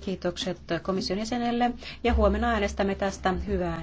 Kiitokset komission jäsenelle ja huomenna äänestämme tästä hyvää